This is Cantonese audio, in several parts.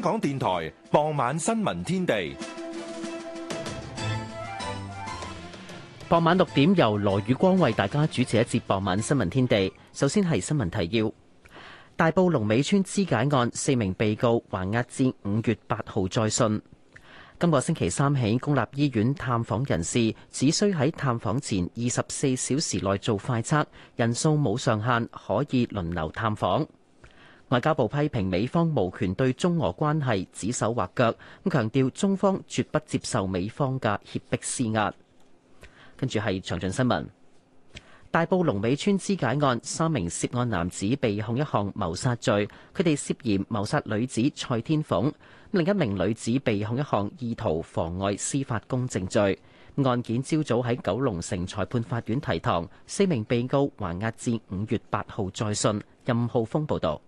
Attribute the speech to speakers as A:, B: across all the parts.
A: 香港電台傍晚新聞天地，傍晚六點由羅宇光為大家主持一節傍晚新聞天地。首先係新聞提要：大埔龍尾村肢解案，四名被告還押至五月八號再訊。今個星期三起，公立醫院探訪人士只需喺探訪前二十四小時內做快測，人數冇上限，可以輪流探訪。外交部批評美方無權對中俄關係指手畫腳，咁強調中方絕不接受美方嘅脅迫施壓。跟住係詳盡新聞，大埔龍尾村肢解案，三名涉案男子被控一項謀殺罪，佢哋涉嫌謀殺女子蔡天鳳；另一名女子被控一項意圖妨礙司法公正罪。案件朝早喺九龍城裁判法院提堂，四名被告還押至五月八號再訊。任浩峰報道。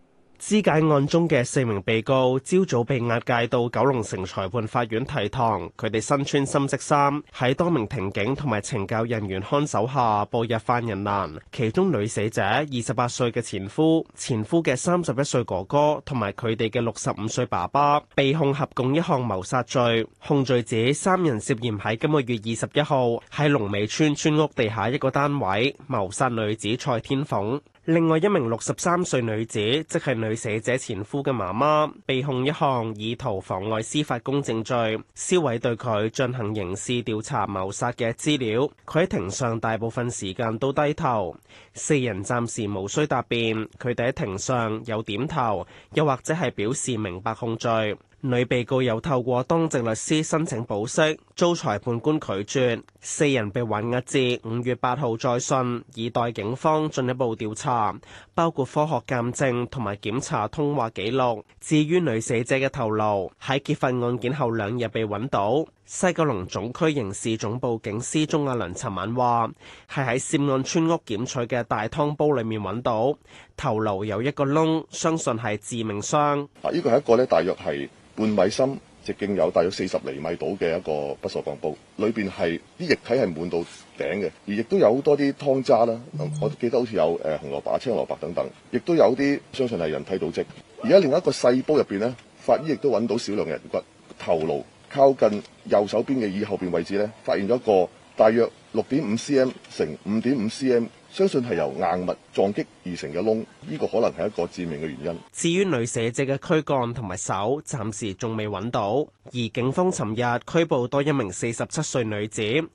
A: 肢解案中嘅四名被告，
B: 朝早被押解到九龍城裁判法院提堂。佢哋身穿深色衫，喺多名庭警同埋懲教人員看守下步入犯人欄。其中女死者二十八歲嘅前夫、前夫嘅三十一歲哥哥同埋佢哋嘅六十五歲爸爸，被控合共一項謀殺罪。控罪指三人涉嫌喺今個月二十一號喺龍尾村村屋地下一個單位謀殺女子蔡天鳳。另外一名六十三歲女子，即係女死者前夫嘅媽媽，被控一項意圖妨礙司法公正罪，銷毀對佢進行刑事調查謀殺嘅資料，佢喺庭上大部分時間都低頭。四人暫時無需答辯，佢哋喺庭上有點頭，又或者係表示明白控罪。女被告又透過當值律師申請保釋，遭裁判官拒絕。四人被還押至五月八號再訊，以待警方進一步調查。包括科學鑑證同埋檢查通話記錄。至於女死者嘅頭顱喺結婚案件後兩日被揾到，西九龍總區刑事總部警司鍾亞倫尋晚話，係喺涉案村屋檢取嘅大湯煲裏面揾到頭顱，有一個窿，相信係致命傷。
C: 啊，呢個係一個呢，大約係半米深。直徑有大約四十厘米度嘅一個不鏽鋼煲，裏邊係啲液體係滿到頂嘅，而亦都有好多啲湯渣啦。我都記得好似有誒紅蘿蔔、青蘿蔔等等，亦都有啲相信係人體組織。而家另一個細煲入邊咧，法醫亦都揾到少量人骨頭顱，靠近右手邊嘅耳後邊位置咧，發現咗一個大約六點五 cm 乘五點五 cm。相信係由硬物撞擊而成嘅窿，呢、這個可能係一個致命嘅原因。
B: 至於女死者嘅軀幹同埋手，暫時仲未揾到。而警方尋日拘捕多一名四十七歲女子，鍾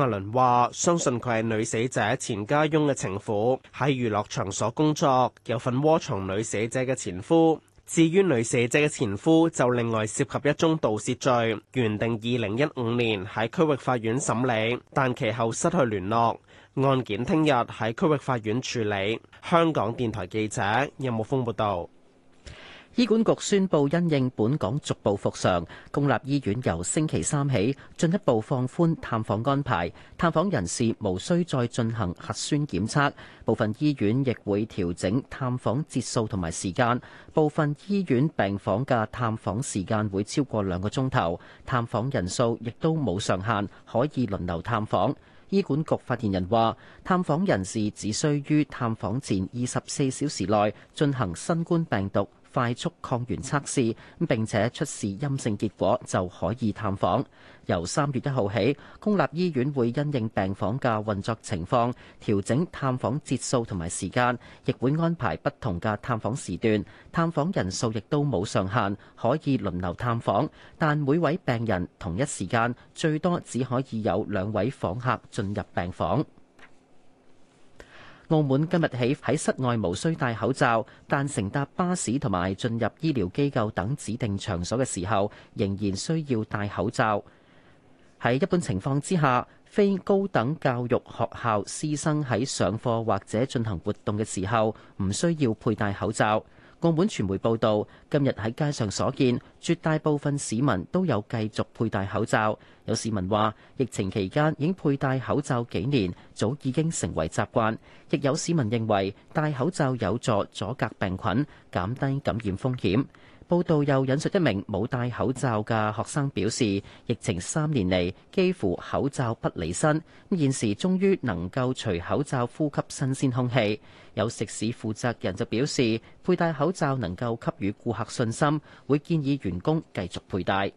B: 亞倫話相信佢係女死者前家翁嘅情婦，喺娛樂場所工作，有份窩藏女死者嘅前夫。至於女死者嘅前夫，就另外涉及一宗盜竊罪，原定二零一五年喺區域法院審理，但其後失去聯絡，案件聽日喺區域法院處理。
A: 香港電台記者任木峰報道。醫管局宣佈，因應本港逐步復常，公立醫院由星期三起進一步放寬探訪安排。探訪人士無需再進行核酸檢測，部分醫院亦會調整探訪節數同埋時間。部分醫院病房嘅探訪時間會超過兩個鐘頭，探訪人數亦都冇上限，可以輪流探訪。醫管局發言人話，探訪人士只需於探訪前二十四小時內進行新冠病毒。快速抗原測試，並且出示陰性結果，就可以探訪。由三月一號起，公立醫院會因應病房的運作情況，調整探訪節數同埋時間，亦會安排不同的探訪時段。探訪人數亦都冇上限，可以輪流探訪。但每位病人同一時間，最多只可以有兩位訪客進入病房。澳門今日起喺室外無需戴口罩，但乘搭巴士同埋進入醫療機構等指定場所嘅時候，仍然需要戴口罩。喺一般情況之下，非高等教育學校師生喺上課或者進行活動嘅時候，唔需要佩戴口罩。澳門傳媒報道，今日喺街上所見，絕大部分市民都有繼續佩戴口罩。有市民話，疫情期間已經佩戴口罩幾年，早已經成為習慣。亦有市民認為，戴口罩有助阻隔病菌，減低感染風險。報道又引述一名冇戴口罩嘅學生表示：疫情三年嚟，幾乎口罩不離身，咁現時終於能夠除口罩呼吸新鮮空氣。有食肆負責人就表示，佩戴口罩能夠給予顧客信心，會建議員工繼續佩戴。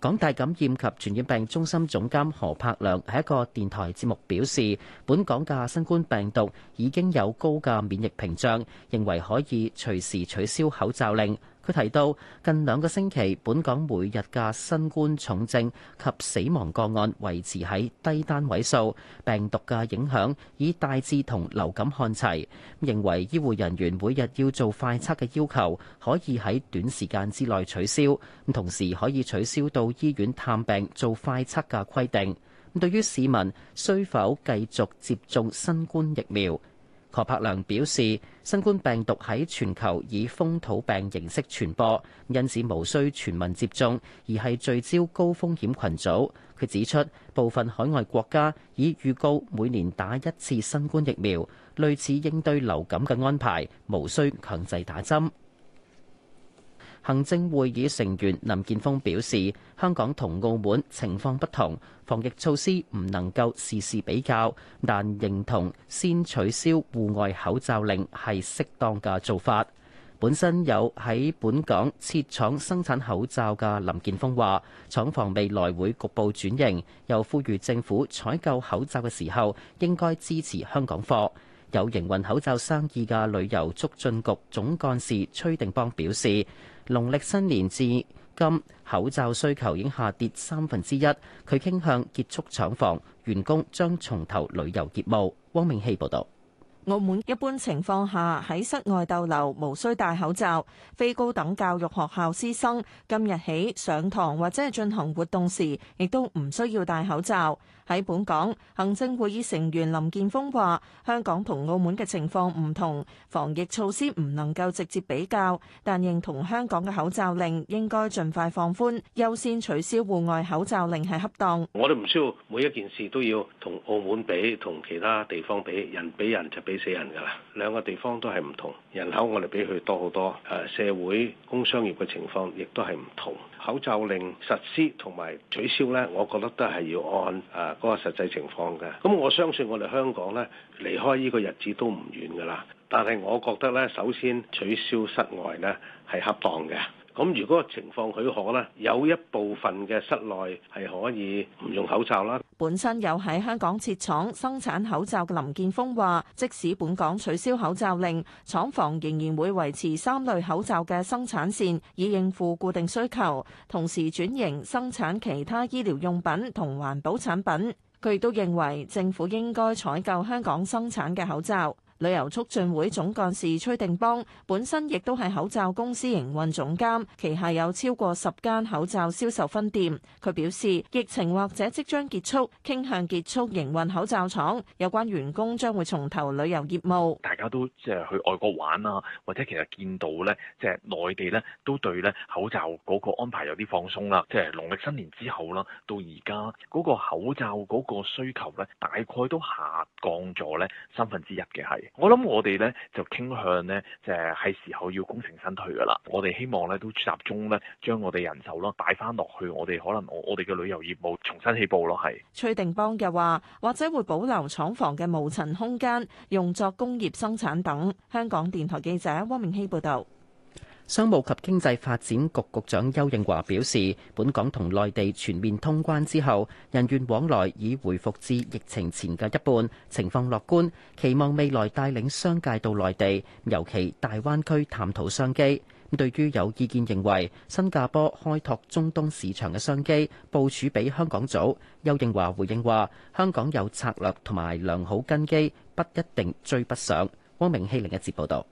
A: 港大感染及傳染病中心總監何柏良喺一個電台節目表示，本港嘅新冠病毒已經有高嘅免疫屏障，認為可以隨時取消口罩令。佢提到，近兩個星期，本港每日嘅新冠重症及死亡個案維持喺低單位數，病毒嘅影響已大致同流感看齊，認為醫護人員每日要做快測嘅要求，可以喺短時間之內取消。同時可以取消到醫院探病做快測嘅規定。對於市民，需否繼續接種新冠疫苗？何柏良表示，新冠病毒喺全球以風土病形式傳播，因此無需全民接種，而係聚焦高風險群組，佢指出，部分海外國家已預告每年打一次新冠疫苗，類似應對流感嘅安排，無需強制打針。行政會議成員林健鋒表示，香港同澳門情況不同，防疫措施唔能夠事事比較，但認同先取消戶外口罩令係適當嘅做法。本身有喺本港設廠生產口罩嘅林健鋒話，廠房未來會局部轉型，又呼籲政府採購口罩嘅時候應該支持香港貨。有營運口罩生意嘅旅遊促進局總幹事崔定邦表示，農曆新年至今口罩需求已經下跌三分之一，佢傾向結束廠房，員工將重投旅遊業務。汪明希報導。
D: 澳門一般情況下喺室外逗留無需戴口罩，非高等教育學校師生今日起上堂或者係進行活動時，亦都唔需要戴口罩。喺本港，行政會議成員林建峰話，香港同澳門嘅情況唔同，防疫措施唔能夠直接比較，但認同香港嘅口罩令應該盡快放寬，優先取消戶外口罩令係恰當。我
B: 哋唔需要每一件事都要同澳門比，同其他地方比，人比人就比死人㗎啦。兩個地方都係唔同，人口我哋比佢多好多，誒，社會工商業嘅情況亦都係唔同。口罩令實施同埋取消呢，我覺得都係要按啊嗰個實際情況嘅。咁我相信我哋香港呢，離開呢個日子都唔遠㗎啦。但係我覺得呢，首先取消室外呢係恰當嘅。咁如果情況許可呢，有一部分嘅室內係可以唔用口罩啦。
D: 本身有喺香港設廠生產口罩嘅林建峰話，即使本港取消口罩令，廠房仍然會維持三類口罩嘅生產線，以應付固定需求，同時轉型生產其他醫療用品同環保產品。佢亦都認為政府應該採購香港生產嘅口罩。旅遊促進會總幹事崔定邦本身亦都係口罩公司營運總監，旗下有超過十間口罩銷售分店。佢表示，疫情或者即將結束，傾向結束營運口罩廠，有關員工將會重投旅遊業務。大
E: 家都即係去外國玩啊，或者其實見到咧，即係內地咧都對咧口罩嗰個安排有啲放鬆啦。即係農曆新年之後啦，到而家嗰個口罩嗰個需求咧，大概都下降咗咧三分之一嘅係。我諗我哋咧就傾向咧就係喺時候要功成身退噶啦，我哋希望咧都集中咧將我哋人手咯帶翻落去，我哋可能我我哋嘅旅遊業務重新起步咯係。
D: 崔定邦嘅話，或者會保留廠房嘅無塵空間，用作工業生產等。香港電台記者汪明熙報道。
A: 商務及經濟發展局局長邱應華表示，本港同內地全面通關之後，人員往來已回復至疫情前嘅一半，情況樂觀，期望未來帶領商界到內地，尤其大灣區探討商機。咁對於有意見認為新加坡開拓中東市場嘅商機部署比香港早，邱應華回應話：香港有策略同埋良好根基，不一定追不上。汪明希另一節報道。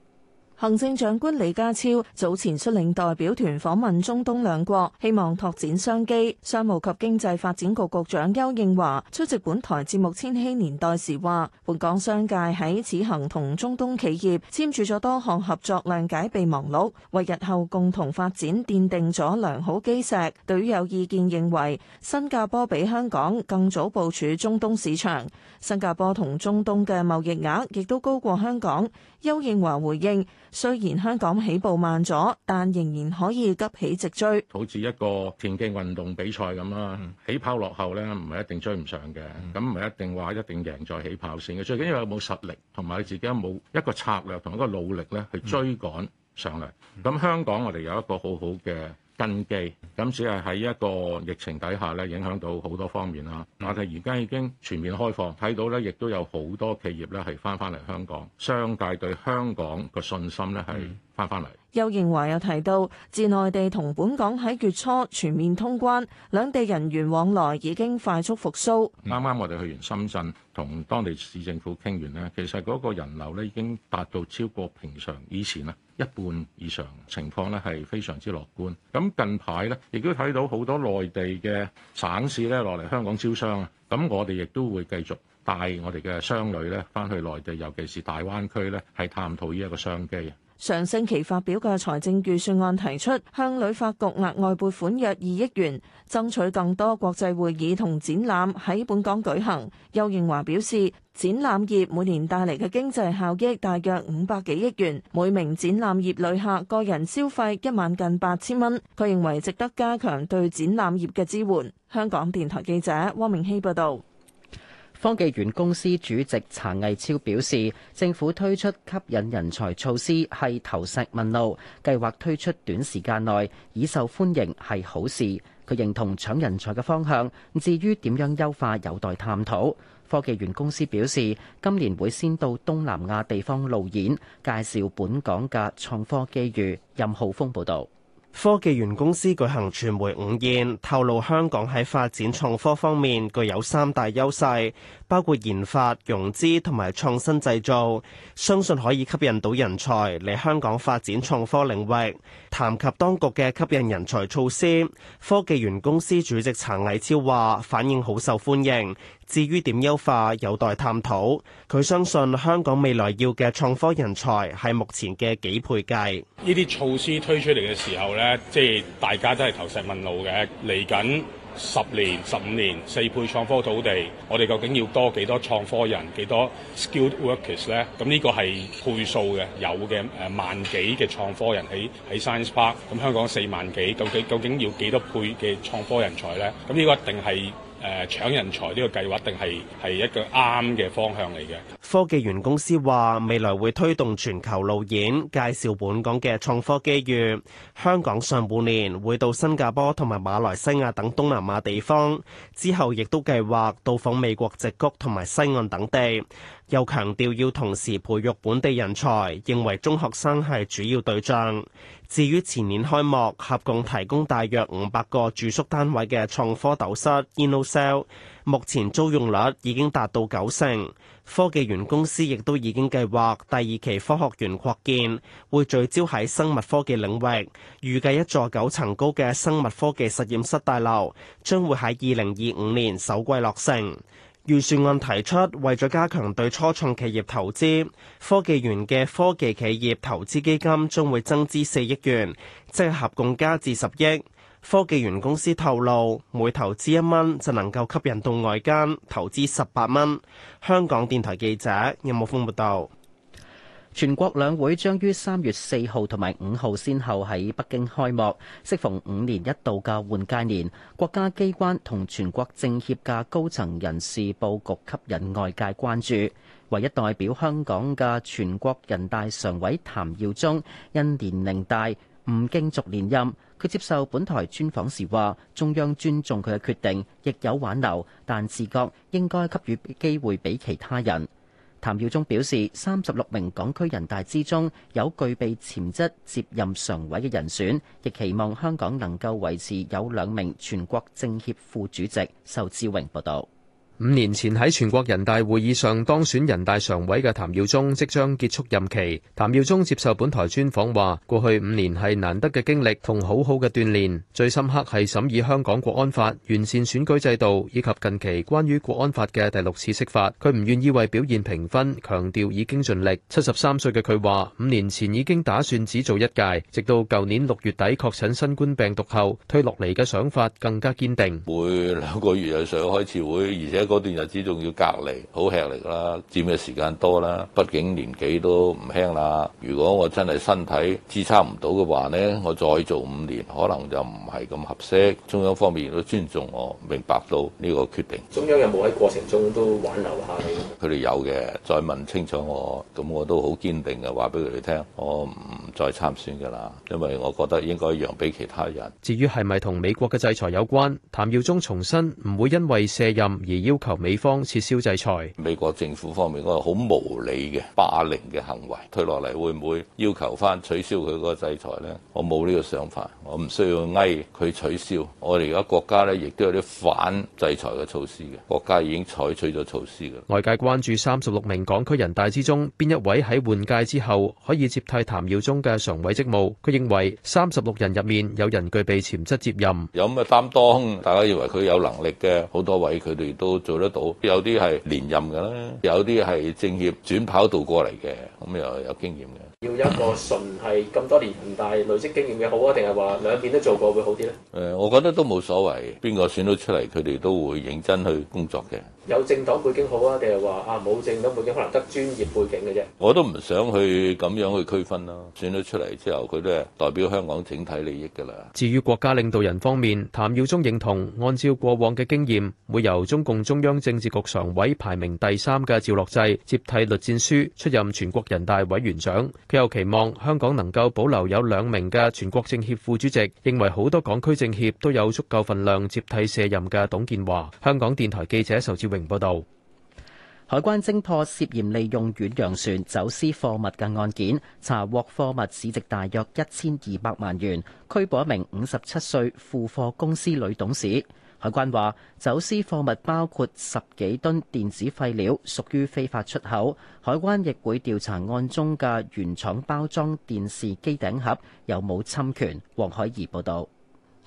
D: 行政長官李家超早前率領代表團訪問中東兩國，希望拓展商機。商務及經濟發展局局長邱應華出席本台節目《千禧年代》時話，本港商界喺此行同中東企業簽署咗多項合作諒解備忘錄，為日後共同發展奠定咗良好基石。對於有意見認為新加坡比香港更早部署中東市場，新加坡同中東嘅貿易額亦都高過香港。邱應華回應：雖然香港起步慢咗，但仍然可以急起直追。
F: 好似一個田徑運動比賽咁啦，嗯、起跑落後咧，唔係一定追唔上嘅。咁唔係一定話一定贏在起跑線嘅。最緊要有冇實力，同埋你自己有冇一個策略，同一個努力咧去追趕上嚟。咁、嗯嗯嗯、香港我哋有一個好好嘅。根基咁只係喺一個疫情底下咧，影響到好多方面啦。我哋而家已經全面開放，睇到咧，亦都有好多企業咧係翻翻嚟香港，商界對香港個信心咧係翻翻嚟。
D: 邱應樺又提到，自內地同本港喺月初全面通關，兩地人員往來已經快速復蘇，
F: 啱啱、嗯、我哋去完深圳，同當地市政府傾完咧，其實嗰個人流咧已經達到超過平常以前啦。一半以上情況咧係非常之樂觀。咁近排咧，亦都睇到好多內地嘅省市落嚟香港招商啊。咁我哋亦都會繼續帶我哋嘅商旅咧返去內地，尤其是大灣區，係探討呢一個商機。
D: 上星期發表嘅財政預算案提出向旅發局額外撥款約二億元，爭取更多國際會議同展覽喺本港舉行。邱應華表示，展覽業每年帶嚟嘅經濟效益大約五百幾億元，每名展覽業旅客個人消費一萬近八千蚊。佢認為值得加強對展覽業嘅支援。香港電台
A: 記者汪明希報導。科技園公司主席查毅超表示，政府推出吸引人才措施係投石問路，計劃推出短時間內已受歡迎係好事。佢認同搶人才嘅方向，至於點樣優化有待探討。科技園公司表示，今年會先到東南亞地方路演，介紹本港嘅創科機遇。任浩峰報道。科技園公司舉行傳媒午宴，透露香港喺發展創
B: 科方面具有三大優勢。包括研發、融資同埋創新製造，相信可以吸引到人才嚟香港發展創科領域。談及當局嘅吸引人才措施，科技園公司主席陳毅超話：反應好受歡迎。至於點優化，有待探討。佢相信香港未來要嘅創科人才係目前嘅幾倍計。
F: 呢啲措施推出嚟嘅時候呢，即係大家都係投石問路嘅嚟緊。十年、十五年四倍創科土地，我哋究竟要多幾多創科人、幾多 skilled workers 呢？咁、嗯、呢、這個係倍數嘅，有嘅誒、呃、萬幾嘅創科人喺喺 Science Park，咁、嗯、香港四萬幾，究竟究竟要幾多倍嘅創科人才呢？咁、嗯、呢、這個一定係誒搶人才呢個計劃，一定係係一個啱嘅方向嚟嘅。
B: 科技園公司話未來會推動全球路演，介紹本港嘅創科機遇。香港上半年會到新加坡同埋馬來西亞等東南亞地方，之後亦都計劃到訪美國矽谷同埋西岸等地。又強調要同時培育本地人才，認為中學生係主要對象。至於前年開幕、合共提供大約五百個住宿單位嘅創科斗室 InnoCell。In no 目前租用率已經達到九成，科技園公司亦都已經計劃第二期科學園擴建，會聚焦喺生物科技領域。預計一座九層高嘅生物科技實驗室大樓將會喺二零二五年首季落成。預算案提出，為咗加強對初創企業投資，科技園嘅科技企業投資基金將會增資四億元，即合共加至十億。科技園公司透露，每投資一蚊就能夠吸引到外間投資十八蚊。香港電台記者任武峰報
A: 道。有有全國兩會將於三月四號同埋五號先後喺北京開幕，適逢五年一度嘅換屆年，國家機關同全國政協嘅高層人事佈局吸引外界關注。唯一代表香港嘅全國人大常委譚耀宗因年齡大，唔競逐連任。佢接受本台專訪時話，中央尊重佢嘅決定，亦有挽留，但自覺應該給予機會俾其他人。譚耀宗表示，三十六名港區人大之中有具備潛質接任常委嘅人選，亦期望香港能夠維持有兩名全國政協副主席。仇志榮報道。五年前喺全國人大會議上當選人大常委嘅譚
E: 耀宗即將結束任期。譚耀宗接受本台專訪話，過去五年係難得嘅經歷同好好嘅鍛煉，最深刻係審議香港國安法、完善選舉制度以及近期關於國安法嘅第六次釋法。佢唔願意為表現評分，強調已經盡力。七十三歲嘅佢話五年前已經打算只做一屆，直到舊年六月底
G: 確診新冠
E: 病毒後退落嚟嘅想法更加堅定。
G: 每兩個月就上開次會，而且。嗰段日子仲要隔離好吃力啦，佔嘅時間多啦。畢竟年紀都唔輕啦。如果我真係身體支撐唔到嘅話咧，我再做五年可能就唔係咁合適。中央方面都尊重我，明白到呢個決定。中央有冇喺過程
F: 中都挽留
G: 下你？佢哋有嘅，再問清楚我，咁我都好堅定嘅話俾佢哋聽，我唔再參選噶啦，因為我覺得應該讓俾其他人。
E: 至於係咪同美國嘅制裁有關？譚耀宗重申唔會因
G: 為卸任而要。要求美方撤銷制裁，美國政府方面我係好無理嘅霸凌嘅行為。退落嚟會唔會要求翻取消佢嗰個制裁呢？我冇呢個想法，我唔需要嗌佢取消。我哋而家國家呢，亦都有啲反制裁嘅措施嘅，國家已經採取咗措施。
E: 外界關注三十六名港區人大之中，邊一位喺換屆之後可以接替譚耀宗嘅常委職務？佢認為三十六人入面有人具備潛質接任，
G: 有咩擔當。大家認為佢有能力嘅好多位，佢哋都，做得到，有啲係連任嘅啦，有啲係政協轉跑道過嚟嘅，咁又有經驗嘅。
E: 要一個純係咁多年人大累積經驗嘅好啊，定係話兩邊都做過會好啲
G: 呢？誒，我覺得都冇所謂，邊個選到出嚟，佢哋都會認真去工作嘅。
E: 有政黨背景好啊，定係話啊冇政黨背景，可能得專業背
G: 景嘅啫。我都唔想去咁樣去區分咯、啊。選到出嚟之後，佢都係代表香港整體利益噶啦。
E: 至於國家領導人方面，譚耀宗認同，按照過往嘅經驗，會由中共中央政治局常委排名第三嘅趙樂際接替栗戰書出任全國人大委，委員長。佢又期望香港能夠保留有兩名嘅全國政協副主席，認為好多港區政協都有足夠份量接替卸任嘅董建華。
A: 香港電台記者仇志榮報導。海關偵破涉嫌利用遠洋船走私貨物嘅案件，查獲貨物市值大約一千二百萬元，拘捕一名五十七歲付貨公司女董事。海關話，走私貨物包括十幾噸電子廢料，屬於非法出口。海關亦會調查案中嘅原廠包裝電視機頂盒有冇侵權。黃海怡報道。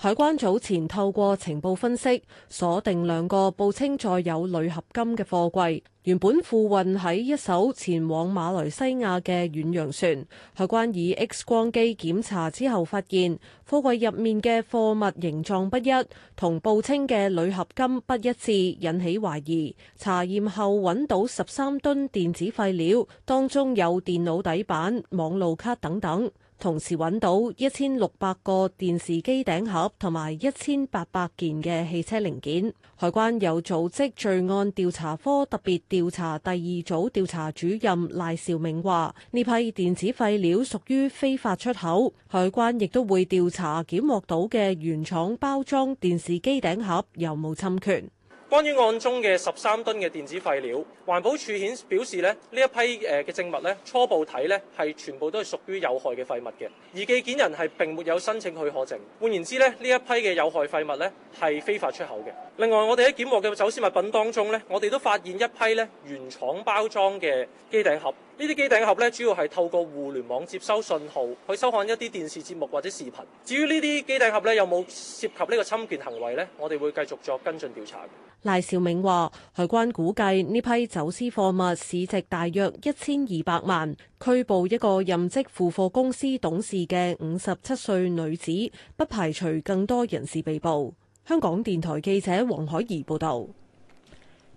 H: 海關早前透過情報分析，鎖定兩個報稱載有鋁合金嘅貨櫃，原本附運喺一艘前往馬來西亞嘅遠洋船。海關以 X 光機檢查之後，發現貨櫃入面嘅貨物形狀不一，同報稱嘅鋁合金不一致，引起懷疑。查驗後揾到十三噸電子廢料，當中有電腦底板、網路卡等等。同時揾到一千六百個電視機頂盒同埋一千八百件嘅汽車零件。海關有組織罪案調查科特別調查第二組調查主任賴兆明話，呢批電子廢料屬於非法出口。海關亦都會調查檢獲到嘅原廠包裝電視機頂盒有冇侵權。
C: 關於案中嘅十三噸嘅電子廢料，環保署顯表示咧，呢一批誒嘅證物咧，初步睇咧係全部都係屬於有害嘅廢物嘅。而寄件人係並沒有申請許可證，換言之咧，呢一批嘅有害廢物咧係非法出口嘅。另外，我哋喺檢獲嘅走私物品當中咧，我哋都發現一批咧原廠包裝嘅機頂盒。呢啲機頂盒咧，主要係透過互聯網接收信號去收看一啲電視節目或者視頻。至於呢啲機頂盒咧有冇涉及呢個侵權行為咧，我哋會繼續作跟進調查嘅。
H: 賴兆明話，海關估計呢批走私貨物市值大約一千二百萬。拘捕一個任職付貨公司董事嘅五十七歲女子，不排除更多人士被捕。香港電台記者黃海怡報道。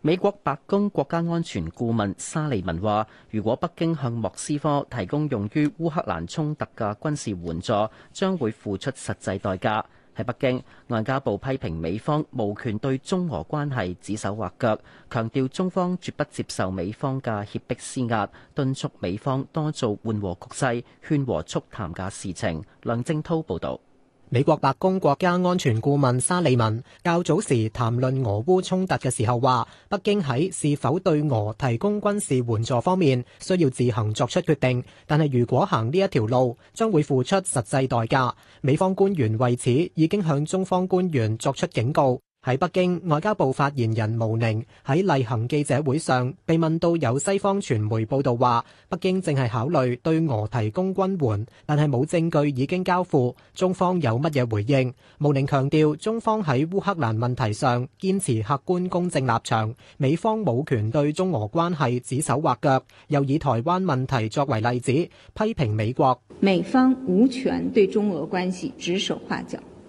A: 美國白宮國家安全顧問沙利文話，如果北京向莫斯科提供用於烏克蘭衝突嘅軍事援助，將會付出實際代價。喺北京，外交部批評美方無權對中俄關係指手畫腳，強調中方絕不接受美方嘅脅迫施壓，敦促美方多做緩和局勢、勸和促談嘅事情。梁正濤報道。美國白宮國家安全顧問沙利文較早時談論俄烏
I: 衝突嘅時候話，北京喺是否對俄提供軍事援助方面需要自行作出決定，但係如果行呢一條路，將會付出實際代價。美方官員為此已經向中方官員作出警告。喺北京，外交部發言人毛寧喺例行記者會上被問到，有西方傳媒報道話北京正係考慮對俄提供軍援，但係冇證據已經交付，中方有乜嘢回應？毛寧強調中方喺烏克蘭問題上堅持客觀公正立場，美方冇權對中俄關係指手畫腳，又以台灣問題作為例子，批評美國，
D: 美方無權對中俄關係指手畫腳。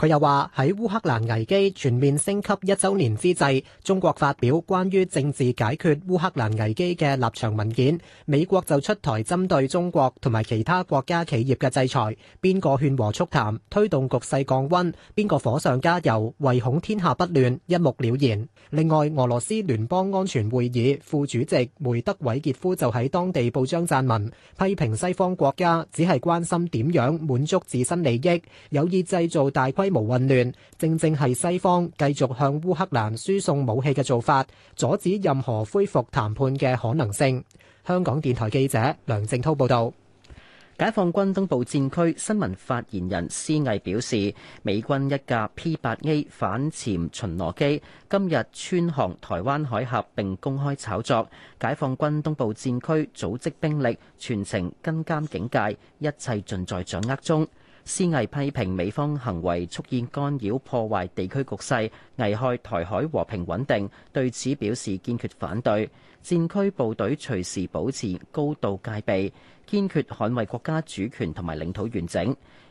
I: 佢又話：喺烏克蘭危機全面升級一週年之際，中國發表關於政治解決烏克蘭危機嘅立場文件，美國就出台針對中國同埋其他國家企業嘅制裁。邊個勸和促談，推動局勢降溫？邊個火上加油？唯恐天下不亂，一目了然。另外，俄羅斯聯邦安全會議副主席梅德韋傑夫就喺當地報章撰文，批評西方國家只係關心點樣滿足自身利益，有意製造大規無混亂，正正係西方繼續向烏克蘭輸送武器嘅做法，阻止任何恢復
A: 談判嘅可能性。香港電台記者梁靜濤報道。解放軍東部戰區新聞發言人施毅表示，美軍一架 P-8A 反潛巡邏機今日穿航台灣海峽，並公開炒作。解放軍東部戰區組織兵力全程跟監警戒，一切盡在掌握中。施毅批評美方行為出現干擾破壞地區局勢，危害台海和平穩定，對此表示堅決反對。戰區部隊隨時保持高度戒備，堅決捍衛國家主權同埋領土完整。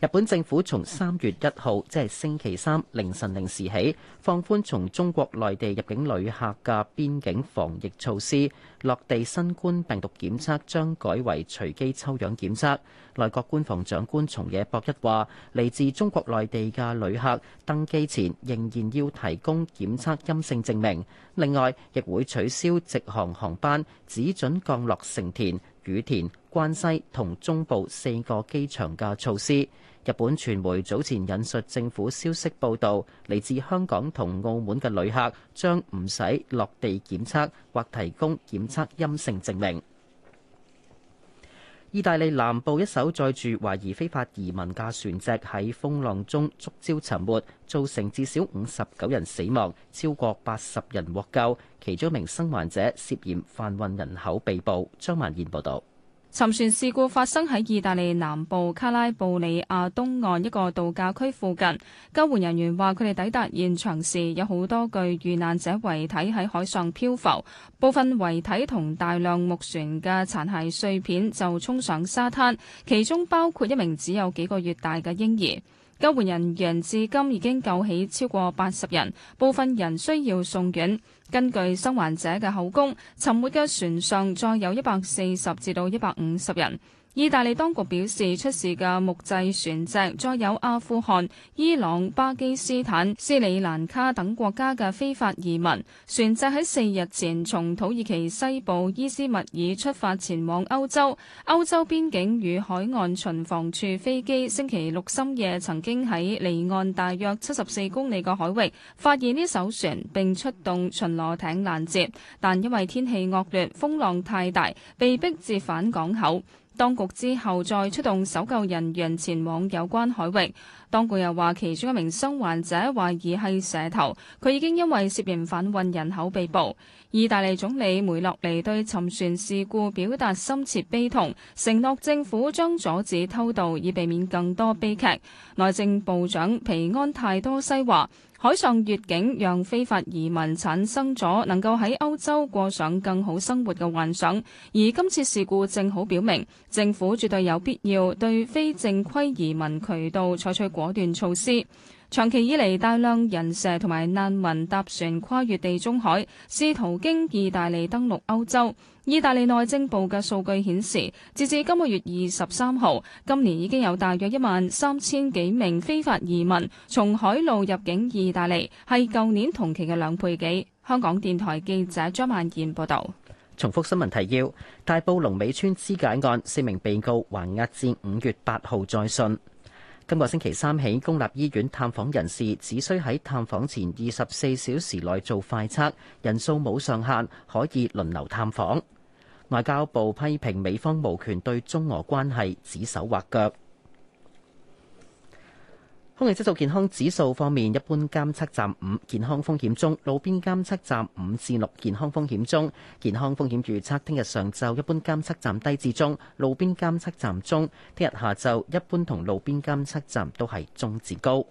A: 日本政府從三月一號，即係星期三凌晨零時起，放寬從中國內地入境旅客嘅邊境防疫措施，落地新冠病毒檢測將改為隨機抽樣檢測。內閣官房長官松野博一話：嚟自中國內地嘅旅客登機前仍然要提供檢測陰性證明。另外，亦會取消直航航班，只准降落成田、羽田、關西同中部四個機場嘅措施。日本傳媒早前引述政府消息報道，嚟自香港同澳門嘅旅客將唔使落地檢測或提供檢測陰性證明。意大利南部一艘載住懷疑非法移民嘅船隻喺風浪中觸礁沉沒，造成至少五十九人死亡，超過八十人獲救，其中一名生還者涉嫌販運人口被捕。張曼燕報道。
J: 沉船事故發生喺意大利南部卡拉布里亞東岸一個度假區附近，救援人員話佢哋抵達現場時，有好多具遇難者遺體喺海上漂浮，部分遺體同大量木船嘅殘骸碎片就衝上沙灘，其中包括一名只有幾個月大嘅嬰兒。救援人員至今已經救起超過八十人，部分人需要送院。根據生還者嘅口供，沉沒嘅船上再有一百四十至到一百五十人。意大利當局表示，出事嘅木製船隻載有阿富汗、伊朗、巴基斯坦、斯里蘭卡等國家嘅非法移民。船隻喺四日前從土耳其西部伊茲密爾出發，前往歐洲。歐洲邊境與海岸巡防處飛機星期六深夜曾經喺離岸大約七十四公里嘅海域發現呢艘船，並出動巡邏艇攔截，但因為天氣惡劣，風浪太大，被逼折返港口。當局之後再出動搜救人員前往有關海域。當局又話，其中一名生還者懷疑係蛇頭，佢已經因為涉嫌販運人口被捕。意大利總理梅洛尼對沉船事故表達深切悲痛，承諾政府將阻止偷渡，以避免更多悲劇。內政部長皮安泰多西話：海上越境讓非法移民產生咗能夠喺歐洲過上更好生活嘅幻想，而今次事故正好表明政府絕對有必要對非正規移民渠道採取果斷措施。長期以嚟，大量人蛇同埋難民搭船跨越地中海，試圖經意大利登陸歐洲。意大利內政部嘅數據顯示，截至今個月二十三號，今年已經有大約一萬三千幾名非法移民從海路入境意大利，係舊年同期嘅兩倍幾。香港電台記者張萬燕報導。
A: 重複新聞提要：大埔龍尾村肢解案四名被告還押至五月八號再訊。今個星期三起，公立醫院探訪人士只需喺探訪前二十四小時內做快測，人數冇上限，可以輪流探訪。外交部批評美方無權對中俄關係指手畫腳。空氣質素健康指數方面，一般監測站五健康風險中，路邊監測站五至六健康風險中。健康風險預測，聽日上晝一般監測站低至中，路邊監測站中。聽日下晝一般同路邊監測站都係中至高。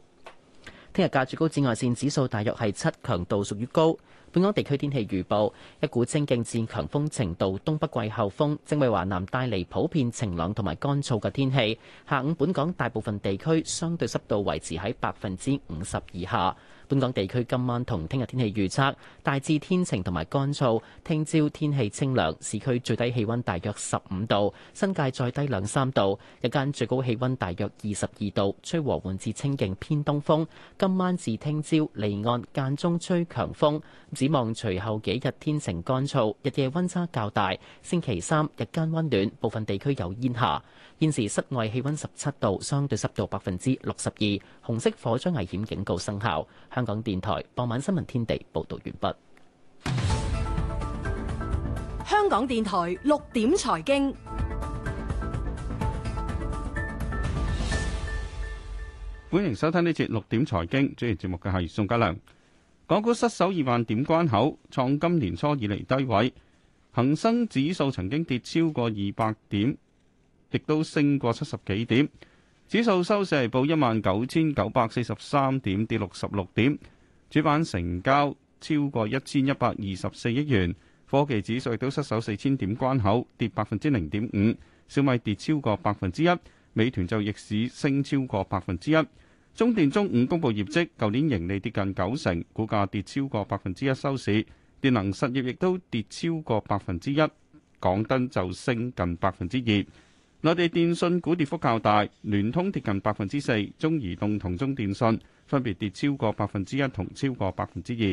A: 聽日嘅最高紫外線指數大約係七，強度屬於高。本港地區天氣預報，一股清勁至強風程度東北季候風正為華南帶嚟普遍晴朗同埋乾燥嘅天氣，下午本港大部分地區相對濕度維持喺百分之五十以下。本港地區今晚同聽日天氣預測大致天晴同埋乾燥，聽朝天氣清涼，市區最低氣温大約十五度，新界再低兩三度，日間最高氣温大約二十二度，吹和緩至清勁偏東風。今晚至聽朝離岸間中吹強風，指望隨後幾日天晴乾燥，日夜温差較大。星期三日間温暖，部分地區有煙霞。現時室外氣温十七度，相對濕度百分之六十二，紅色火災危險警告生效。香港電台傍晚新聞天地報道完畢。
H: 香港電台六點財經，
K: 歡迎收聽呢節六點財經。主持節目嘅係宋家良。港股失守二萬點關口，創今年初以嚟低位。恒生指數曾經跌超過二百點，亦都升過七十幾點。指數收市係，報一萬九千九百四十三點，跌六十六點。主板成交超過一千一百二十四億元。科技指數亦都失守四千點關口，跌百分之零點五。小米跌超過百分之一，美團就逆市升超過百分之一。中電中午公布業績，舊年盈利跌近九成，股價跌超過百分之一收市。電能實業亦都跌超過百分之一，港燈就升近百分之二。內地電信股跌幅較大，聯通跌近百分之四，中移動同中電信分別跌超過百分之一同超過百分之二。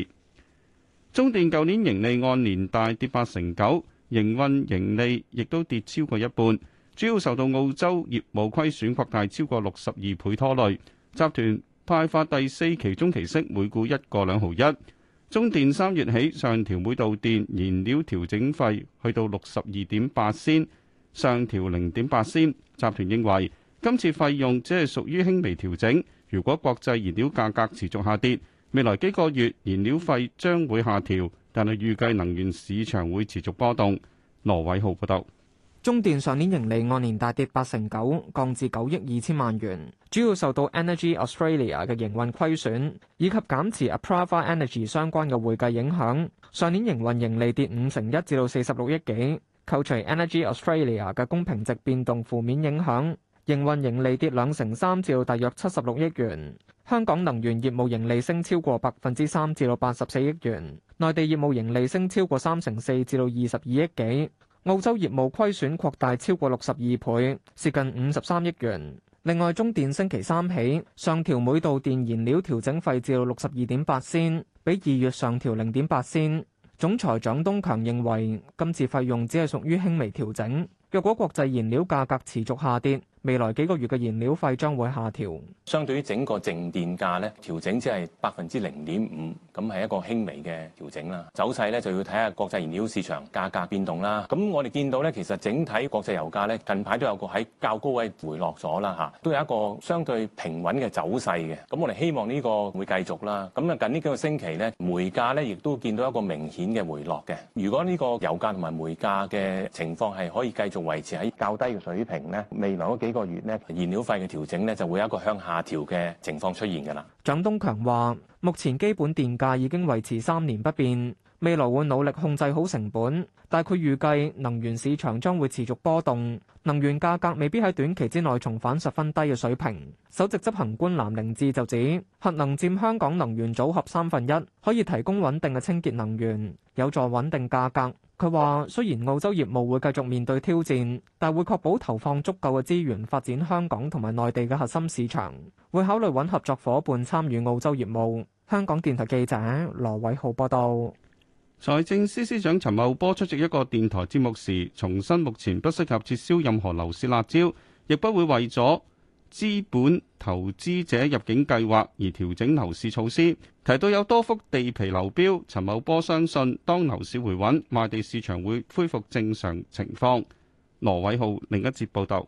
K: 中電舊年盈利按年大跌八成九，營運盈利亦都跌超過一半，主要受到澳洲業務虧損擴大超過六十二倍拖累。集團派發第四期中期息，每股一個兩毫一。中電三月起上調每度電燃料調整費，去到六十二點八仙。上調零點八仙。集團認為今次費用只係屬於輕微調整。如果國際燃料價格持續下跌，未來幾個月燃料費將會下調。但係預計能源市場會持續波動。羅偉浩報道，
L: 中電上年盈利按年大跌八成九，降至九億二千萬元，主要受到 Energy Australia 嘅營運虧損以及減持 Aprava Energy 相關嘅會計影響。上年營運盈利跌五成一，至到四十六億幾。扣除 Energy Australia 嘅公平值變動負面影響，營運盈利跌兩成三，至到大約七十六億元。香港能源業務盈利升超過百分之三，至到八十四億元。內地業務盈利升超過三成四，至到二十二億幾。澳洲業務虧損擴大超過六十二倍，接近五十三億元。另外，中電星期三起上調每度電燃料調整費至到六十二點八仙，比二月上調零點八仙。總裁蔣東強認為，今次費用只係屬於輕微調整。若果國際燃料價格持續下跌，未來幾個月嘅燃料費將會下調。
F: 相對於整個淨電價咧，調整只係百分之零點五，咁係一個輕微嘅調整啦。走勢咧就要睇下國際燃料市場價格變動啦。咁我哋見到咧，其實整體國際油價咧近排都有個喺較高位回落咗啦，嚇、啊，都有一個相對平穩嘅走勢嘅。咁我哋希望呢個會繼續啦。咁啊近呢幾個星期咧，煤價咧亦都見到一個明顯嘅回落嘅。如果呢個油價同埋煤價嘅情況係可以繼續維持喺較低嘅水平咧，未來嗰幾個月呢，燃料費嘅調整呢，就會有一個向下調嘅情況出現㗎啦。
L: 蔣東強話：目前基本電價已經維持三年不變，未來會努力控制好成本。但佢預計能源市場將會持續波動，能源價格未必喺短期之內重返十分低嘅水平。首席執行官藍寧智就指，核能佔香港能源組合三分一，可以提供穩定嘅清潔能源，有助穩定價格。佢話：雖然澳洲業務會繼續面對挑戰，但會確保投放足夠嘅資源發展香港同埋內地嘅核心市場，會考慮揾合作伙伴參與澳洲業務。香港電台記者羅偉浩報道。
K: 財政司司長陳茂波出席一個電台節目時，重申目前不適合撤銷任何樓市辣招，亦不會為咗資本投資者入境計劃而調整樓市措施，提到有多幅地皮流標。陳茂波相信，當樓市回穩，賣地市場會恢復正常
L: 情況。羅偉浩另一節報導。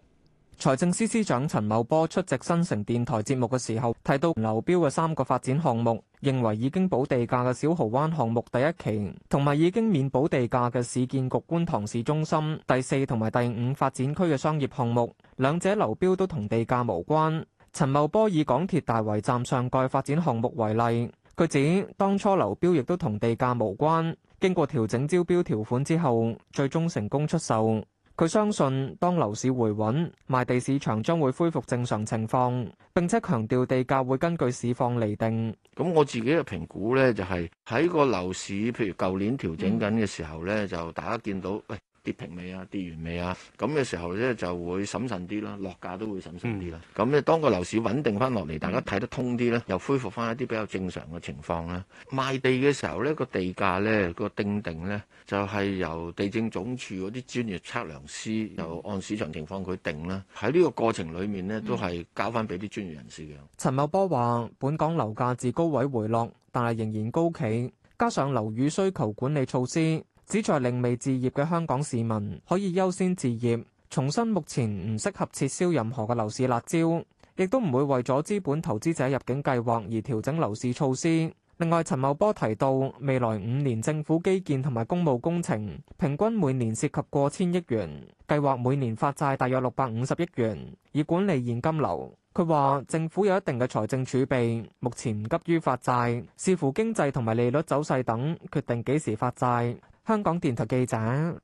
L: 財政司司長陳茂波出席新城電台節目嘅時候，提到流標嘅三個發展項目，認為已經補地價嘅小濠灣項目第一期，同埋已經免補地價嘅市建局觀塘市中心第四同埋第五發展區嘅商業項目，兩者流標都同地價無關。陳茂波以港鐵大圍站上蓋發展項目為例，佢指當初流標亦都同地價無關，經過調整招標條款之後，最終成功出售。佢相信，當樓市回穩，賣地市場將會恢復正常情況。並且強調地價會根據市況嚟定。
G: 咁我自己嘅評估呢，就係喺個樓市，譬如舊年調整緊嘅時候呢，就大家見到，喂。跌平未啊，跌完未啊，咁嘅時候咧就會審慎啲啦，落價都會審慎啲啦。咁咧、嗯，當個樓市穩定翻落嚟，大家睇得通啲咧，又恢復翻一啲比較正常嘅情況咧。賣地嘅時候咧，個地價咧個定定咧，就係由地政總署嗰啲專業測量師又按市場情況佢定啦。喺呢個過程裡面咧，都係交翻俾啲專業人士嘅。嗯、
L: 陳茂波話：本港樓價至高位回落，但係仍然高企，加上樓宇需求管理措施。旨在令未置業嘅香港市民可以優先置業。重申目前唔適合撤銷任何嘅樓市辣招，亦都唔會為咗資本投資者入境計劃而調整樓市措施。另外，陳茂波提到，未來五年政府基建同埋公務工程平均每年涉及過千億元，計劃每年發債大約六百五十億元以管理現金流。佢話政府有一定嘅財政儲備，目前唔急於發債，視乎經濟同埋利率走勢等，決定幾時發債。香港電台記者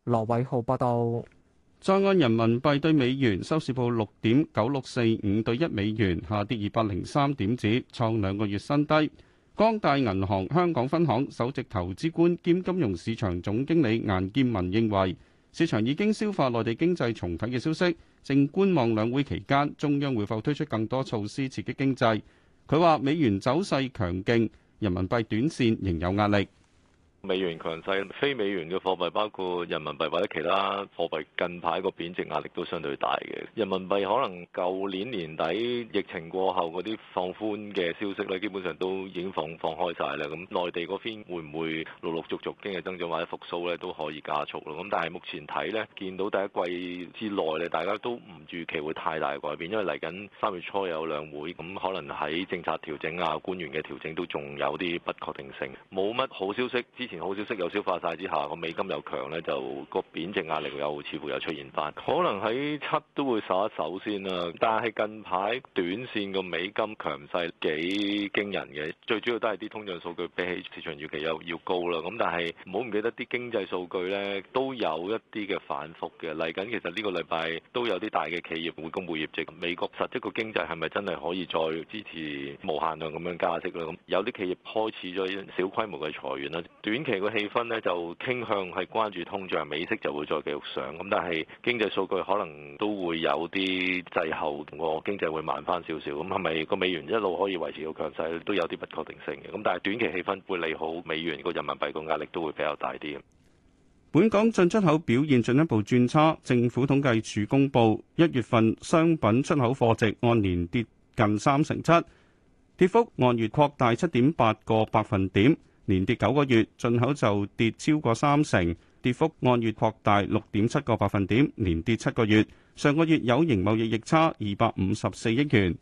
L: 羅偉浩報道：
K: 在岸人民幣兌美元收市報六點九六四五兌一美元，下跌二百零三點子，創兩個月新低。光大銀行香港分行首席投資官兼金融市場總經理顏劍文認為，市場已經消化內地經濟重啟嘅消息，正觀望兩會期間中央會否推出更多措施刺激經濟。佢話美元走勢強勁，人民幣短線仍有壓力。
C: 美元強勢，非美元嘅貨幣包括人民幣或者其他貨幣，近排個貶值壓力都相對大嘅。人民幣可能舊年年底疫情過後嗰啲放寬嘅消息咧，基本上都已經放放開晒啦。咁內地嗰邊會唔會陸陸續續經濟增長或者復甦咧，都可以加速咯。咁但係目前睇咧，見到第一季之內咧，大家都唔預期會太大改變，因為嚟緊三月初有兩會，咁可能喺政策調整啊、官員嘅調整都仲有啲不確定性，冇乜好消息。之好消息又消化晒之下，個美金又強咧，就個貶值壓力又似乎又出現翻。可能喺七都會稍一手先啦。但係近排短線個美金強勢幾驚人嘅，最主要都係啲通脹數據比起市場預期又要高啦。咁但係唔好唔記得啲經濟數據咧，都有一啲嘅反復嘅。嚟緊其實呢個禮拜都有啲大嘅企業會公布業績，美國實質個經濟係咪真係可以再支持無限量咁樣加息啦？咁有啲企業開始咗小規模嘅裁員啦。短短期個氣氛咧就傾向係關注通脹，美息就會再繼續上。咁但係經濟數據可能都會有啲滯後，個經濟會慢返少少。咁係咪個美元一路可以維持到強勢，都有啲不確定性嘅。咁但係短期氣氛會利好美元，個人民幣個壓力都會比較大啲。
K: 本港進出口表現進一步轉差，政府統計處公布一月份商品出口貨值按年跌近三成七，跌幅按月擴大七點八個百分點。連跌九個月，進口就跌超過三成，跌幅按月擴大六點七個百分點，連跌七個月。上個月有形貿易逆差二百五十四億元。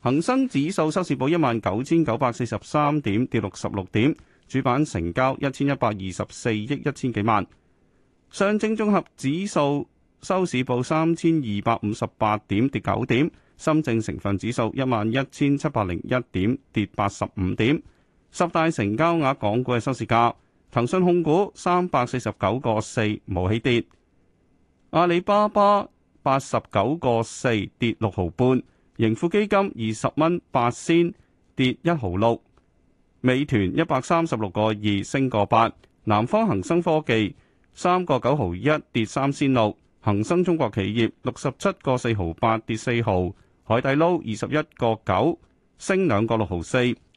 K: 恒生指數收市報一萬九千九百四十三點，跌六十六點。主板成交一千一百二十四億一千幾萬。上證綜合指數收市報三千二百五十八點，跌九點。深證成分指數一萬一千七百零一點，跌八十五點。十大成交額港股嘅收市價：騰訊控股三百四十九個四，冇起跌；阿里巴巴八十九個四，跌六毫半；盈富基金二十蚊八仙，跌一毫六；美團一百三十六個二，升個八；南方恒生科技三個九毫一，跌三仙六；恒生中國企業六十七個四毫八，跌四毫；海底撈二十一個九，升兩個六毫四。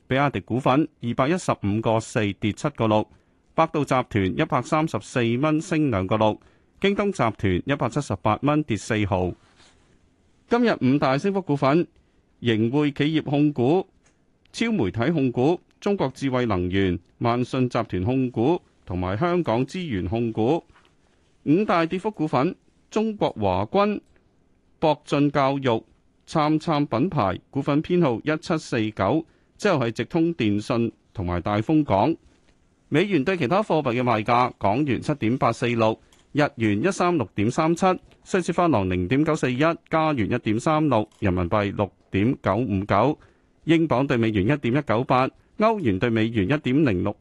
K: 比亞迪股份二百一十五個四，跌七個六，百度集團一百三十四蚊升兩個六，京東集團一百七十八蚊跌四毫。今日五大升幅股份，盈匯企業控股、超媒體控股、中國智慧能源、萬信集團控股同埋香港資源控股。五大跌幅股份，中國華軍、博駿教育、參參品牌。股份編號一七四九。之後係直通電訊同埋大豐港美元對其他貨幣嘅賣價，港元七點八四六，日元一三六點三七，瑞士法郎零點九四一，加元一點三六，人民幣六點九五九，英鎊對美元一點一九八，歐元對美元一點零六，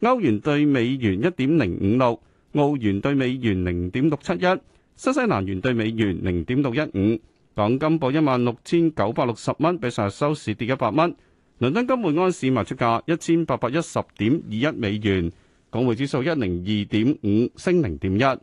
K: 歐元對美元一點零五六，澳元對美元零點六七一，新西蘭元對美元零點六一五。港金報一萬六千九百六十蚊，比上日收市跌一百蚊。倫敦金每盎司賣出價一千八百一十點二一美元，港匯指數一零二點五升零點一。